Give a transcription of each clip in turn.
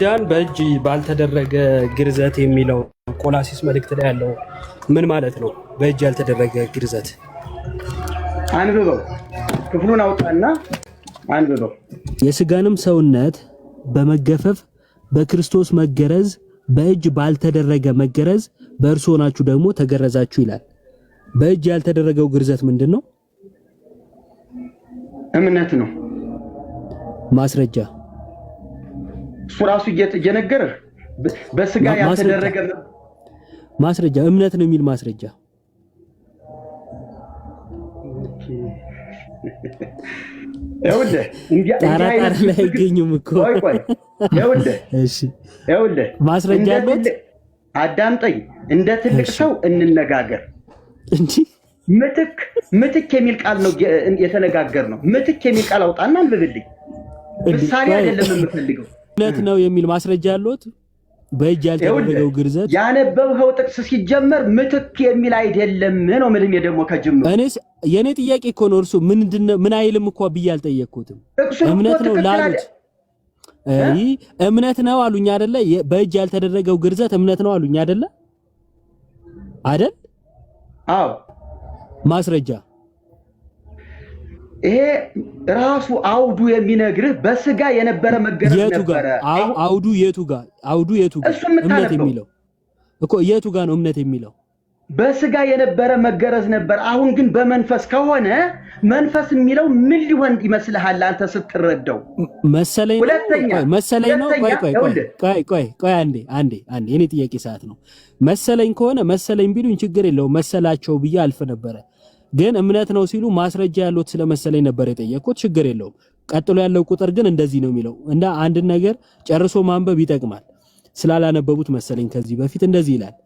ኪዳን በእጅ ባልተደረገ ግርዘት የሚለው ቆላሲስ መልእክት ላይ ያለው ምን ማለት ነው? በእጅ ያልተደረገ ግርዘት አንብበው፣ ክፍሉን አውጣና አንብበው። የስጋንም ሰውነት በመገፈፍ በክርስቶስ መገረዝ በእጅ ባልተደረገ መገረዝ በእርሱ ሆናችሁ ደግሞ ተገረዛችሁ ይላል። በእጅ ያልተደረገው ግርዘት ምንድን ነው? እምነት ነው። ማስረጃ እሱ ራሱ እየነገረህ በስጋ ያልተደረገ ማስረጃ እምነት ነው የሚል ማስረጃ ጣራጣር ላይ አይገኙም እኮ ማስረጃ አለት። አዳምጠኝ፣ እንደ ትልቅ ሰው እንነጋገር። እንጂ ምትክ ምትክ የሚል ቃል ነው የተነጋገር ነው። ምትክ የሚል ቃል አውጣና አንብብልኝ። ምሳሌ አይደለም የምፈልገው እውነት ነው የሚል ማስረጃ ያለት በእጅ ያልተደረገው ግርዘት ያነበብኸው ጥቅስ ሲጀመር ምትክ የሚል አይደለም ነው ምልም ደግሞ ከጅምሩ እኔስ የእኔ ጥያቄ እኮ ነው እርሱ ምን አይልም እኳ ብዬ አልጠየቅኩትም እምነት ነው ላሉት እምነት ነው አሉኝ አደለ በእጅ ያልተደረገው ግርዘት እምነት ነው አሉኝ አደለ አደል አዎ ማስረጃ ይሄ ራሱ አውዱ የሚነግርህ በስጋ የነበረ መገረዝ ነበረ። አውዱ የቱ ጋር አውዱ የቱ እምነት የሚለው እኮ የቱ ጋ ነው እምነት የሚለው? በስጋ የነበረ መገረዝ ነበር። አሁን ግን በመንፈስ ከሆነ መንፈስ የሚለው ምን ሊሆን ይመስልሃል አንተ ስትረዳው? መሰለኝ መሰለኝ ነው። ቆይ ቆይ ቆይ ቆይ ቆይ አንዴ አንዴ አንዴ፣ የኔ ጥያቄ ሰዓት ነው። መሰለኝ ከሆነ መሰለኝ ቢሉኝ ችግር የለውም መሰላቸው ብዬ አልፍ ነበረ ግን እምነት ነው ሲሉ ማስረጃ ያሉት ስለመሰለኝ ነበር የጠየቅኩት። ችግር የለውም። ቀጥሎ ያለው ቁጥር ግን እንደዚህ ነው የሚለው እና አንድን ነገር ጨርሶ ማንበብ ይጠቅማል። ስላላነበቡት መሰለኝ ከዚህ በፊት እንደዚህ ይላል።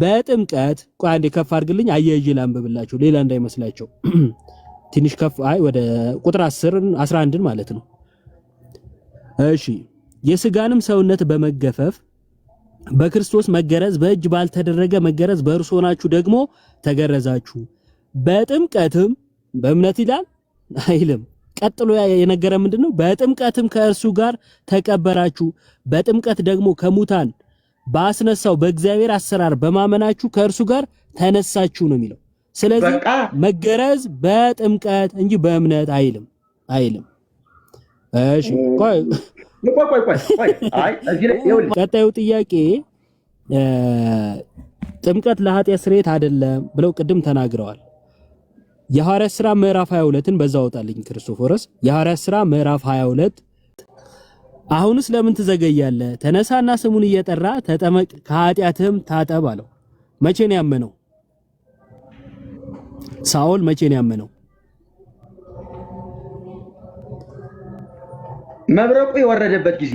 በጥምቀት ቆይ አንዴ ከፍ አድርግልኝ አያይዤ ላንብብላችሁ ሌላ እንዳይመስላቸው ትንሽ ከፍ አይ ወደ ቁጥር 10 11 ማለት ነው። እሺ የስጋንም ሰውነት በመገፈፍ በክርስቶስ መገረዝ በእጅ ባልተደረገ መገረዝ በእርሶናችሁ ደግሞ ተገረዛችሁ በጥምቀትም በእምነት ይላል አይልም። ቀጥሎ የነገረ ምንድነው? በጥምቀትም ከእርሱ ጋር ተቀበራችሁ፣ በጥምቀት ደግሞ ከሙታን ባስነሳው በእግዚአብሔር አሰራር በማመናችሁ ከእርሱ ጋር ተነሳችሁ ነው የሚለው። ስለዚህ መገረዝ በጥምቀት እንጂ በእምነት አይልም አይልም። እሺ ቆይ፣ ቀጣዩ ጥያቄ ጥምቀት ለኃጢአት ስርየት አይደለም ብለው ቅድም ተናግረዋል። የሐዋርያ ሥራ ምዕራፍ 22ን በዛ ወጣልኝ ክርስቶፎረስ። የሐዋርያ ሥራ ምዕራፍ 22 አሁንስ ለምን ትዘገያለህ? ተነሳና ስሙን እየጠራ ተጠመቅ ከኃጢአትህም ታጠብ አለው። መቼን ያመነው? ሳኦል መቼን ያመነው? መብረቁ የወረደበት ጊዜ።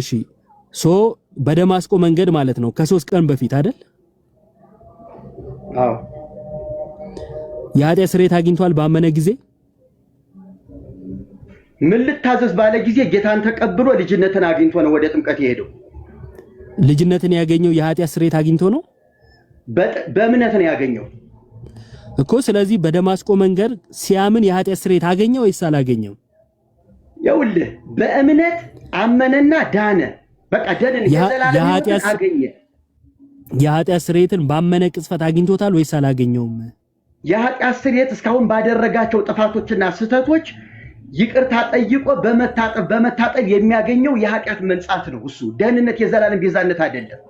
እሺ ሶ በደማስቆ መንገድ ማለት ነው ከሶስት ቀን በፊት አይደል? አዎ የኃጢአት ስርየት አግኝቷል ባመነ ጊዜ ምን ልታዘዝ ባለ ጊዜ ጌታን ተቀብሎ ልጅነትን አግኝቶ ነው ወደ ጥምቀት የሄደው። ልጅነትን ያገኘው የኃጢአት ስርየት አግኝቶ ነው፣ በእምነት ነው ያገኘው እኮ። ስለዚህ በደማስቆ መንገድ ሲያምን የኃጢአት ስርየት አገኘ ወይስ አላገኘው? ይኸውልህ በእምነት አመነና ዳነ። በቃ ደንን የኃጢአት ስርየትን ባመነ ቅጽበት አግኝቶታል ወይስ አላገኘውም? የኃጢአት ስርየት እስካሁን ባደረጋቸው ጥፋቶችና ስህተቶች ይቅርታ ጠይቆ በመታጠብ በመታጠብ የሚያገኘው የኃጢአት መንጻት ነው። እሱ ደህንነት የዘላለም ቤዛነት አይደለም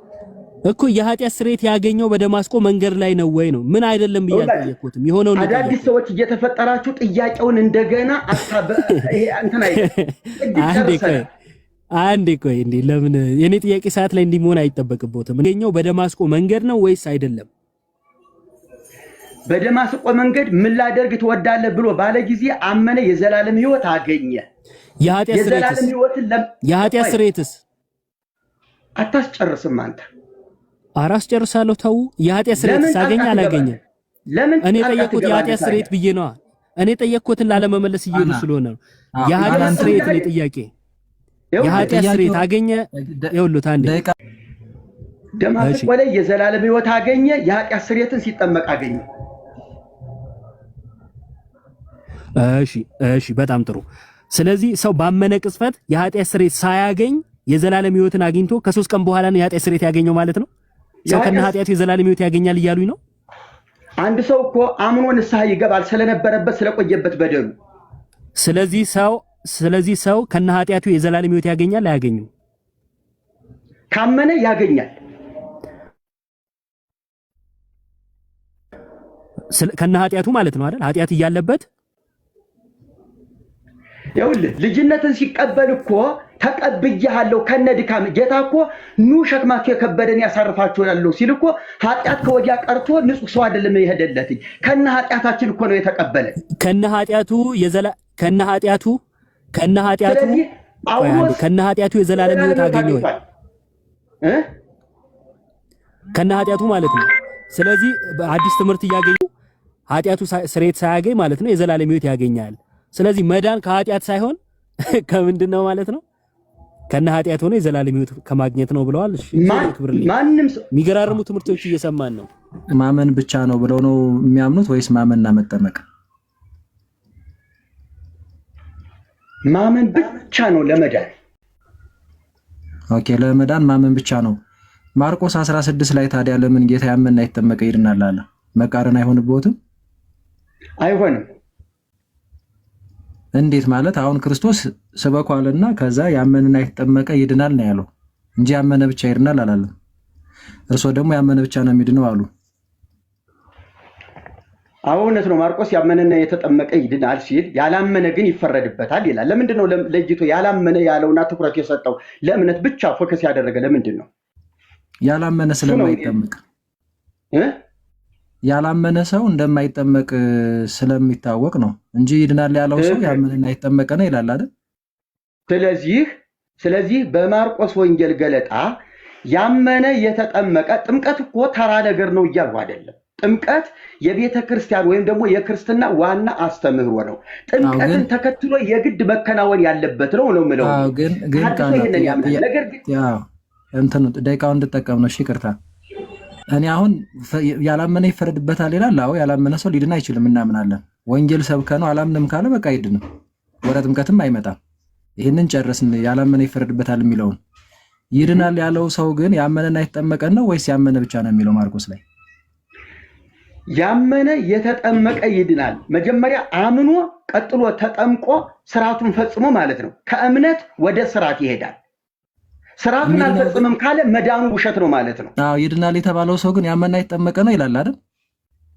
እኮ። የኃጢአት ስርየት ያገኘው በደማስቆ መንገድ ላይ ነው ወይ ነው ምን አይደለም እያልጠየኩትም የሆነው አዳዲስ ሰዎች እየተፈጠራችሁ ጥያቄውን እንደገና እንትን አይደለም አንድ ቆይ እንዲህ ለምን የኔ ጥያቄ ሰዓት ላይ እንዲህ መሆን አይጠበቅበትም? ያገኘው በደማስቆ መንገድ ነው ወይስ አይደለም? በደማስቆ መንገድ ምን ላደርግ ትወዳለህ ብሎ ባለ ጊዜ አመነ፣ የዘላለም ህይወት አገኘ። የኃጢአት ስርየትስ አታስጨርስም አንተ። ኧረ አስጨርሳለሁ። ተው። የኃጢአት ስርየትስ አገኘ አላገኘ? እኔ የጠየቅኩት የኃጢአት ስርየት ብዬ ነዋ። እኔ የጠየቅኩትን ላለመመለስ እየሄዱ ስለሆነ ነው። የኃጢአት ስርየት ነው ጥያቄ። የኃጢአት ስርየት አገኘ። ይኸውልህ አንዴ ደማስቆ ላይ የዘላለም ህይወት አገኘ። የኃጢአት ስርየትን ሲጠመቅ አገኘ። እሺ፣ እሺ፣ በጣም ጥሩ። ስለዚህ ሰው ባመነ ቅጽበት የኃጢአት ስርየት ሳያገኝ የዘላለም ህይወትን አግኝቶ ከሶስት ቀን በኋላ ነው የኃጢአት ስርየት ያገኘው ማለት ነው። ሰው ከነ ኃጢአቱ የዘላለም ህይወት ያገኛል እያሉኝ ነው። አንድ ሰው እኮ አምኖ ንስሐ ይገባል ስለነበረበት ስለቆየበት በደሉ። ስለዚህ ሰው ስለዚህ ሰው ከነ ኃጢአቱ የዘላለም ህይወት ያገኛል አያገኝም? ካመነ ያገኛል። ከነ ኃጢአቱ ማለት ነው አይደል? ኃጢአት እያለበት ይኸውልህ ልጅነትን ሲቀበል እኮ ተቀብያለሁ ከነ ድካም ጌታ እኮ ኑ ሸክማችሁ የከበደን ያሳርፋችሁ ያለው ሲል እኮ ኃጢአት ከወዲያ ቀርቶ ንጹህ ሰው አይደለም የሄደለትኝ ከነ ኃጢአታችን እኮ ነው የተቀበለ ከነ ኃጢአቱ የዘላ ከነ ኃጢአቱ ከነ ኃጢአቱ ከነ ኃጢአቱ የዘላለም ህይወት አገኘው እ ከነ ኃጢአቱ ማለት ነው። ስለዚህ አዲስ ትምህርት እያገኘው ኃጢአቱ ስሬት ሳያገኝ ማለት ነው የዘላለም ህይወት ያገኛል። ስለዚህ መዳን ከኃጢአት ሳይሆን ከምንድን ነው ማለት ነው? ከነ ኃጢአት ሆነ የዘላለም ህይወት ከማግኘት ነው ብለዋል። የሚገራርሙ ትምህርቶች እየሰማን ነው። ማመን ብቻ ነው ብለው ነው የሚያምኑት ወይስ ማመንና መጠመቅ? ማመን ብቻ ነው ለመዳን። ኦኬ ለመዳን ማመን ብቻ ነው። ማርቆስ 16 ላይ ታዲያ ለምን ጌታ ያመንና የተጠመቀ ይድናል አለ? መቃረን አይሆንበትም? አይሆንም እንዴት ማለት አሁን ክርስቶስ ስበኳልና ከዛ ያመንና የተጠመቀ ይድናል ነው ያለው እንጂ ያመነ ብቻ ይድናል አላለም። እርሶ ደግሞ ያመነ ብቻ ነው የሚድነው አሉ። አዎ እውነት ነው። ማርቆስ ያመነና የተጠመቀ ይድናል ሲል ያላመነ ግን ይፈረድበታል ይላል። ለምንድን ነው ለይቶ ያላመነ ያለውና ትኩረት የሰጠው ለእምነት ብቻ ፎከስ ያደረገ ለምንድን ነው? ያላመነ ስለማይጠመቅ ያላመነ ሰው እንደማይጠመቅ ስለሚታወቅ ነው እንጂ ይድናል ያለው ሰው ያመነና የተጠመቀ ነው ይላል አይደል? ስለዚህ ስለዚህ በማርቆስ ወንጌል ገለጣ ያመነ የተጠመቀ ጥምቀት እኮ ተራ ነገር ነው እያልሁ አይደለም። ጥምቀት የቤተ ክርስቲያን ወይም ደግሞ የክርስትና ዋና አስተምህሮ ነው። ጥምቀትን ተከትሎ የግድ መከናወን ያለበት ነው ነው ምለው ግን ግን ነገር ግን እንትን ደቂቃውን እንድጠቀም ነው። እሺ እኔ አሁን ያላመነ ይፈረድበታል ይላል። አዎ ያላመነ ሰው ሊድን አይችልም፣ እናምናለን። ወንጌል ሰብከ ነው አላምንም ካለ በቃ አይድንም፣ ወደ ጥምቀትም አይመጣም። ይህንን ጨርስን። ያላመነ ይፈረድበታል የሚለውን ይድናል ያለው ሰው ግን ያመነና የተጠመቀን ነው ወይስ ያመነ ብቻ ነው የሚለው ማርቆስ ላይ? ያመነ የተጠመቀ ይድናል። መጀመሪያ አምኖ ቀጥሎ ተጠምቆ ስርዓቱን ፈጽሞ ማለት ነው። ከእምነት ወደ ስርዓት ይሄዳል። ስርዓቱን አልፈጽምም ካለ መዳኑ ውሸት ነው ማለት ነው። አዎ ይድናል የተባለው ሰው ግን ያመና የተጠመቀ ነው ይላል አይደል?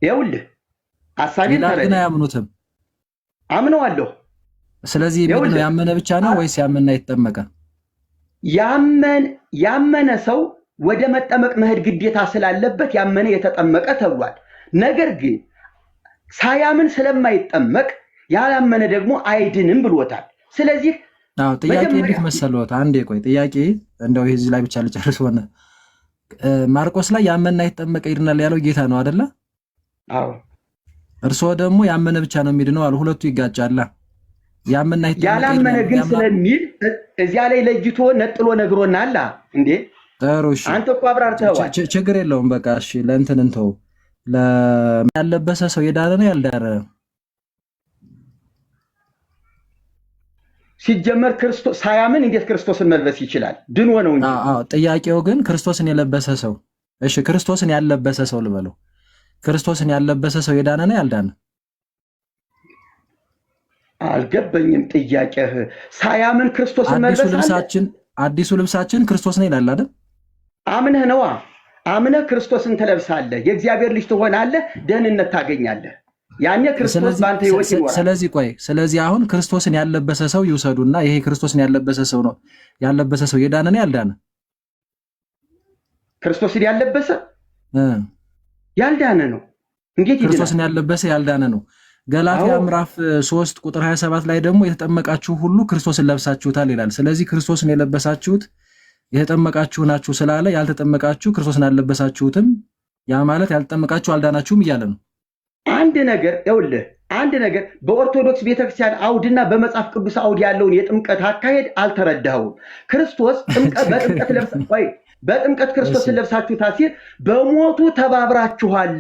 ይኸውልህ ሀሳቤ ግን አያምኑትም። አምነዋለሁ። ስለዚህ ነው ያመነ ብቻ ነው ወይስ ያመና የተጠመቀ? ያመነ ሰው ወደ መጠመቅ መሄድ ግዴታ ስላለበት ያመነ የተጠመቀ ተብሏል። ነገር ግን ሳያምን ስለማይጠመቅ ያላመነ ደግሞ አይድንም ብሎታል። ስለዚህ ጥያቄ እንዴት መሰለዎት? አንዴ ቆይ ጥያቄ እንደው እዚህ ላይ ብቻ ልጨርስ ሆነ ማርቆስ ላይ ያመነ አይጠመቀ ይድናል ያለው ጌታ ነው አደለ? እርስዎ ደግሞ ያመነ ብቻ ነው የሚድነው አሉ። ሁለቱ ይጋጫላ። ያመነ ያላመነ ግን ስለሚል እዚያ ላይ ለይቶ ነጥሎ ነግሮናል። እንዴ ጥሩ እሺ፣ አንተ እኮ አብራርተኸዋል። ችግር የለውም በቃ እሺ። ለእንትን እንተው። ያለበሰ ሰው የዳነ ነው ያልዳነ ነው ሲጀመር ክርስቶስ ሳያምን እንዴት ክርስቶስን መልበስ ይችላል? ድኖ ነው እንጂ። ጥያቄው ግን ክርስቶስን የለበሰ ሰው እሺ፣ ክርስቶስን ያለበሰ ሰው ልበለው። ክርስቶስን ያለበሰ ሰው የዳነ ነው ያልዳነ? አልገበኝም ጥያቄህ። ሳያምን ክርስቶስን መልበስ ልብሳችን አዲሱ ልብሳችን ክርስቶስ ነው ይላል አይደል? አምነህ ነዋ። አምነህ ክርስቶስን ትለብሳለህ፣ የእግዚአብሔር ልጅ ትሆናለህ፣ ደህንነት ታገኛለህ። ያኔ ክርስቶስ በአንተ ህይወት ይኖራል። ስለዚህ ቆይ ስለዚህ አሁን ክርስቶስን ያለበሰ ሰው ይውሰዱና ይሄ ክርስቶስን ያለበሰ ሰው ነው ያለበሰ ሰው የዳነ ነው ያልዳነ ክርስቶስን ያለበሰ ያልዳነ ነው። እንዴት ክርስቶስን ያለበሰ ያልዳነ ነው። ገላትያ ምዕራፍ 3 ቁጥር 27 ላይ ደግሞ የተጠመቃችሁ ሁሉ ክርስቶስን ለብሳችሁታል ይላል። ስለዚህ ክርስቶስን የለበሳችሁት የተጠመቃችሁ ናችሁ ስላለ ያልተጠመቃችሁ ክርስቶስን አልለበሳችሁትም፣ ያ ማለት ያልተጠመቃችሁ አልዳናችሁም እያለ ነው። አንድ ነገር ይኸውልህ አንድ ነገር በኦርቶዶክስ ቤተክርስቲያን አውድና በመጽሐፍ ቅዱስ አውድ ያለውን የጥምቀት አካሄድ አልተረዳኸውም። ክርስቶስ በጥምቀት ለብሳ በጥምቀት ክርስቶስን ለብሳችሁ ታሲር በሞቱ ተባብራችኋል፣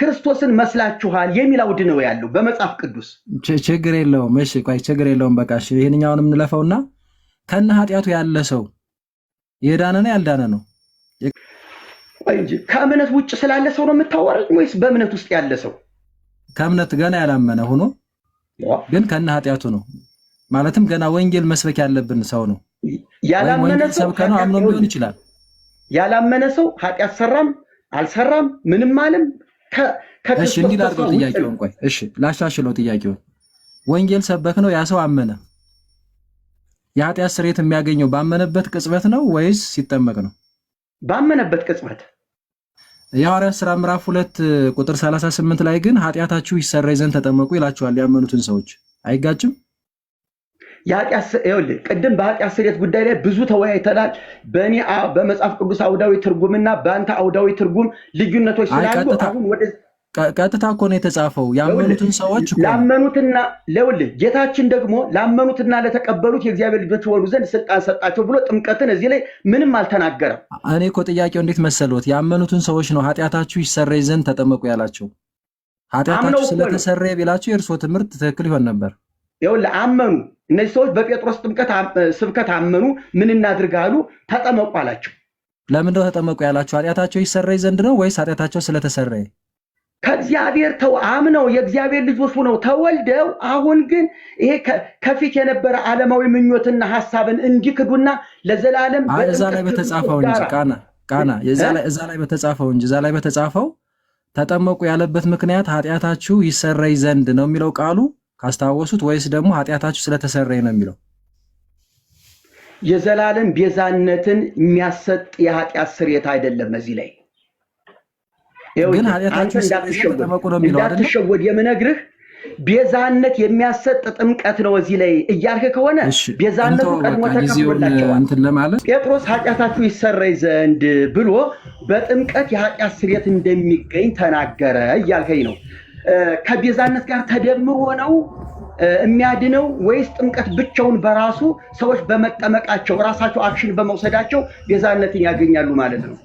ክርስቶስን መስላችኋል የሚል አውድ ነው ያለው በመጽሐፍ ቅዱስ። ችግር የለውም እሺ፣ ቆይ ችግር የለውም በቃ ይህንኛውን የምንለፈውና ከነ ኃጢአቱ ያለ ሰው የዳነ ነው ያልዳነ ነው እንጂ ከእምነት ውጭ ስላለ ሰው ነው የምታወራኝ ወይስ በእምነት ውስጥ ያለ ሰው ከእምነት ገና ያላመነ ሆኖ ግን ከነ ኃጢአቱ ነው። ማለትም ገና ወንጌል መስበክ ያለብን ሰው ነው። ያላመነ ሰው ከነው አምኖ ሊሆን ይችላል። ያላመነ ሰው ኃጢአት ሰራም አልሰራም ምንም አለም እሺ፣ እንዲህ ላድርገው ጥያቄውን። ቆይ እሺ፣ ላሻሽለው ጥያቄውን። ወንጌል ሰበክ ነው ያ ሰው አመነ። የኃጢአት ስርየት የሚያገኘው ባመነበት ቅጽበት ነው ወይስ ሲጠመቅ ነው? ባመነበት ቅጽበት የሐዋርያት ሥራ ምዕራፍ ሁለት ቁጥር 38 ላይ ግን ኃጢአታችሁ ይሰረይ ዘንድ ተጠመቁ ይላችኋል። ያመኑትን ሰዎች። አይጋጭም? ቅድም በኃጢአት ስርየት ጉዳይ ላይ ብዙ ተወያይተናል። በእኔ በመጽሐፍ ቅዱስ አውዳዊ ትርጉምና በአንተ አውዳዊ ትርጉም ልዩነቶች ስላሉ አሁን ወደ ቀጥታ እኮ ነው የተጻፈው። ያመኑትን ሰዎች ላመኑትና ለውልህ ጌታችን ደግሞ ላመኑትና ለተቀበሉት የእግዚአብሔር ልጆች ሆኑ ዘንድ ስልጣን ሰጣቸው ብሎ ጥምቀትን እዚህ ላይ ምንም አልተናገረም። እኔ እኮ ጥያቄው እንዴት መሰሎት? ያመኑትን ሰዎች ነው ኃጢአታችሁ ይሰረይ ዘንድ ተጠመቁ ያላቸው። ኃጢአታችሁ ስለተሰረየ ቢላቸው የእርስ ትምህርት ትክክል ይሆን ነበር። ይኸውልህ አመኑ። እነዚህ ሰዎች በጴጥሮስ ጥምቀት ስብከት አመኑ። ምን እናድርግ አሉ። ተጠመቁ አላቸው። ለምንድነው ተጠመቁ ያላቸው? ኃጢአታቸው ይሰረይ ዘንድ ነው ወይስ ኃጢአታቸው ስለተሰረየ ከእግዚአብሔር ተው አምነው የእግዚአብሔር ልጆች ሆነው ተወልደው አሁን ግን ይሄ ከፊት የነበረ ዓለማዊ ምኞትና ሀሳብን እንዲክዱና ለዘላለም እዛ ላይ በተጻፈው እንጂ ቃና ቃና እዛ ላይ በተጻፈው እንጂ እዛ ላይ በተጻፈው ተጠመቁ ያለበት ምክንያት ኃጢአታችሁ ይሰረይ ዘንድ ነው የሚለው ቃሉ ካስታወሱት፣ ወይስ ደግሞ ኃጢአታችሁ ስለተሰረይ ነው የሚለው የዘላለም ቤዛነትን የሚያሰጥ የኃጢአት ስርየት አይደለም እዚህ ላይ ግን እንዳትሸወድ የምነግርህ ቤዛነት የሚያሰጥ ጥምቀት ነው። እዚህ ላይ እያልክ ከሆነ ቤዛነቱ ቀድሞ ተቀብላቸዋል። ጴጥሮስ ኃጢአታችሁ ይሰረይ ዘንድ ብሎ በጥምቀት የኃጢአት ስርየት እንደሚገኝ ተናገረ እያልከኝ ነው። ከቤዛነት ጋር ተደምሮ ነው የሚያድነው ወይስ ጥምቀት ብቻውን በራሱ ሰዎች በመጠመቃቸው ራሳቸው አክሽን በመውሰዳቸው ቤዛነትን ያገኛሉ ማለት ነው?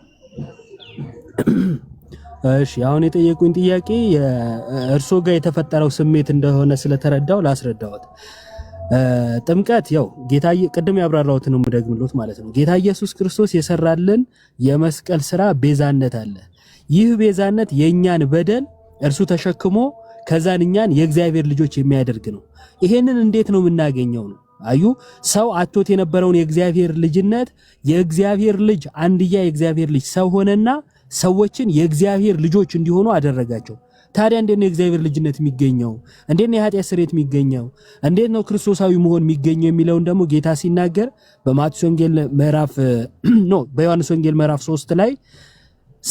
እሺ አሁን የጠየቁኝ ጥያቄ እርሶ ጋር የተፈጠረው ስሜት እንደሆነ ስለተረዳው ላስረዳዎት። ጥምቀት ያው ጌታ ቅድም ያብራራሁት ነው የምደግምሎት ማለት ነው። ጌታ ኢየሱስ ክርስቶስ የሰራልን የመስቀል ስራ ቤዛነት አለ። ይህ ቤዛነት የእኛን በደል እርሱ ተሸክሞ ከዛን እኛን የእግዚአብሔር ልጆች የሚያደርግ ነው። ይሄንን እንዴት ነው የምናገኘው ነው አዩ ሰው አቶት የነበረውን የእግዚአብሔር ልጅነት የእግዚአብሔር ልጅ አንድያ የእግዚአብሔር ልጅ ሰው ሆነና ሰዎችን የእግዚአብሔር ልጆች እንዲሆኑ አደረጋቸው። ታዲያ እንዴት ነው የእግዚአብሔር ልጅነት የሚገኘው? እንዴት ነው የኃጢአት ስርየት የሚገኘው? እንዴት ነው ክርስቶሳዊ መሆን የሚገኘው? የሚለውን ደግሞ ጌታ ሲናገር በማቴዎስ ወንጌል ምዕራፍ ኖ በዮሐንስ ወንጌል ምዕራፍ 3 ላይ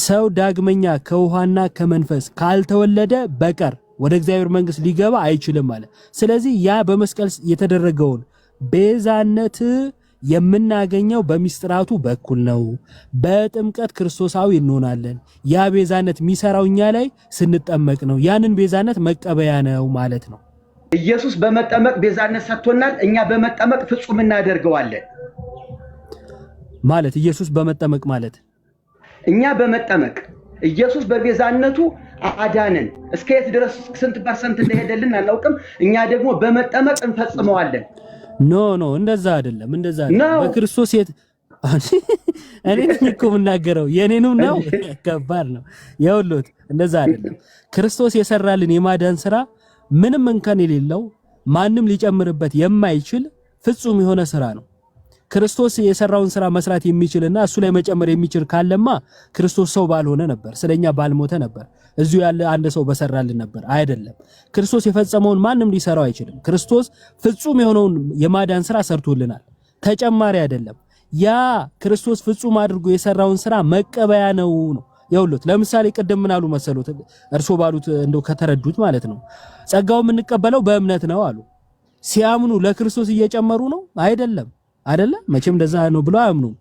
ሰው ዳግመኛ ከውሃና ከመንፈስ ካልተወለደ በቀር ወደ እግዚአብሔር መንግስት ሊገባ አይችልም አለ። ስለዚህ ያ በመስቀል የተደረገውን ቤዛነት የምናገኘው በሚስጥራቱ በኩል ነው። በጥምቀት ክርስቶሳዊ እንሆናለን። ያ ቤዛነት የሚሰራው እኛ ላይ ስንጠመቅ ነው። ያንን ቤዛነት መቀበያ ነው ማለት ነው። ኢየሱስ በመጠመቅ ቤዛነት ሰጥቶናል። እኛ በመጠመቅ ፍጹም እናደርገዋለን ማለት ኢየሱስ በመጠመቅ ማለት እኛ በመጠመቅ ኢየሱስ በቤዛነቱ አዳነን። እስከ የት ድረስ ስንት ፐርሰንት እንደሄደልን አናውቅም። እኛ ደግሞ በመጠመቅ እንፈጽመዋለን። ኖ ኖ እንደዛ አይደለም፣ እንደዛ አይደለም። በክርስቶስ የት እኔ ነኝ እኮ የምናገረው የኔንም ነው። ከባድ ነው የውሎት። እንደዛ አይደለም። ክርስቶስ የሰራልን የማዳን ስራ ምንም እንከን የሌለው ማንም ሊጨምርበት የማይችል ፍጹም የሆነ ስራ ነው። ክርስቶስ የሰራውን ስራ መስራት የሚችልና እሱ ላይ መጨመር የሚችል ካለማ ክርስቶስ ሰው ባልሆነ ነበር፣ ስለኛ ባልሞተ ነበር፣ እዚሁ ያለ አንድ ሰው በሰራልን ነበር። አይደለም፣ ክርስቶስ የፈጸመውን ማንም ሊሰራው አይችልም። ክርስቶስ ፍጹም የሆነውን የማዳን ስራ ሰርቶልናል፣ ተጨማሪ አይደለም። ያ ክርስቶስ ፍጹም አድርጎ የሰራውን ስራ መቀበያ ነው ነው የውሉት ለምሳሌ ቅድም ምን አሉ መሰሉት እርሶ ባሉት እንደው ከተረዱት ማለት ነው። ጸጋው የምንቀበለው በእምነት ነው አሉ። ሲያምኑ ለክርስቶስ እየጨመሩ ነው አይደለም። አይደለ? መቼም እንደዛ ነው ብሎ አያምኑም።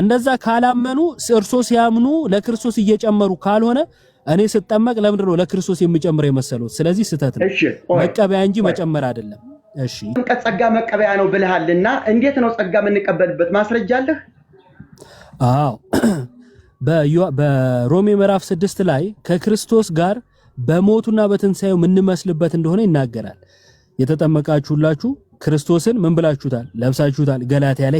እንደዛ ካላመኑ እርሶ ሲያምኑ ለክርስቶስ እየጨመሩ ካልሆነ እኔ ስጠመቅ ለምንድን ነው ለክርስቶስ የምጨምር የመሰለው? ስለዚህ ስህተት ነው። መቀበያ እንጂ መጨመር አይደለም። እሺ ጸጋ መቀበያ ነው ብልሃልና እንዴት ነው ጸጋ የምንቀበልበት ማስረጃ አለህ? አዎ በሮሜ ምዕራፍ ስድስት ላይ ከክርስቶስ ጋር በሞቱና በትንሣኤው የምንመስልበት እንደሆነ ይናገራል። የተጠመቃችሁላችሁ ክርስቶስን ምን ብላችሁታል? ለብሳችሁታል። ገላትያ ላይ